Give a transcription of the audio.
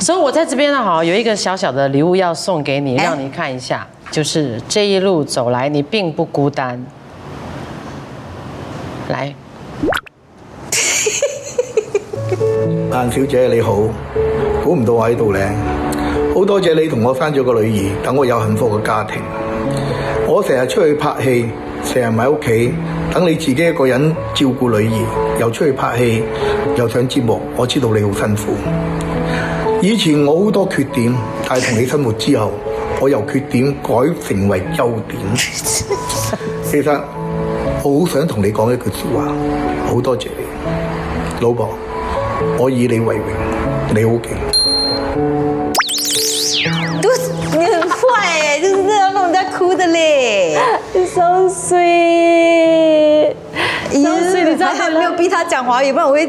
所以，我在這邊呢，好有一個小小的禮物要送給你，讓你看一下，欸，就是這一路走來，你並不孤單。來，鄧小姐你好，估唔到我喺度咧，好多謝你同我生咗個女兒，等我有幸福嘅家庭。我成日出去拍戲，成日唔喺屋企，等你自己一個人照顧女兒，又出去拍戲，又上節目，我知道你好辛苦。以前我好多缺點，但同你生活之後，我由缺點改成為優點。其實我好想同你講一句說話，好多謝你，老婆，我以你為榮，你好、OK、勁。你很壞誒，就是這樣，弄人家哭的咧。So sweet you know？你才沒有逼他講華語，要不然我會。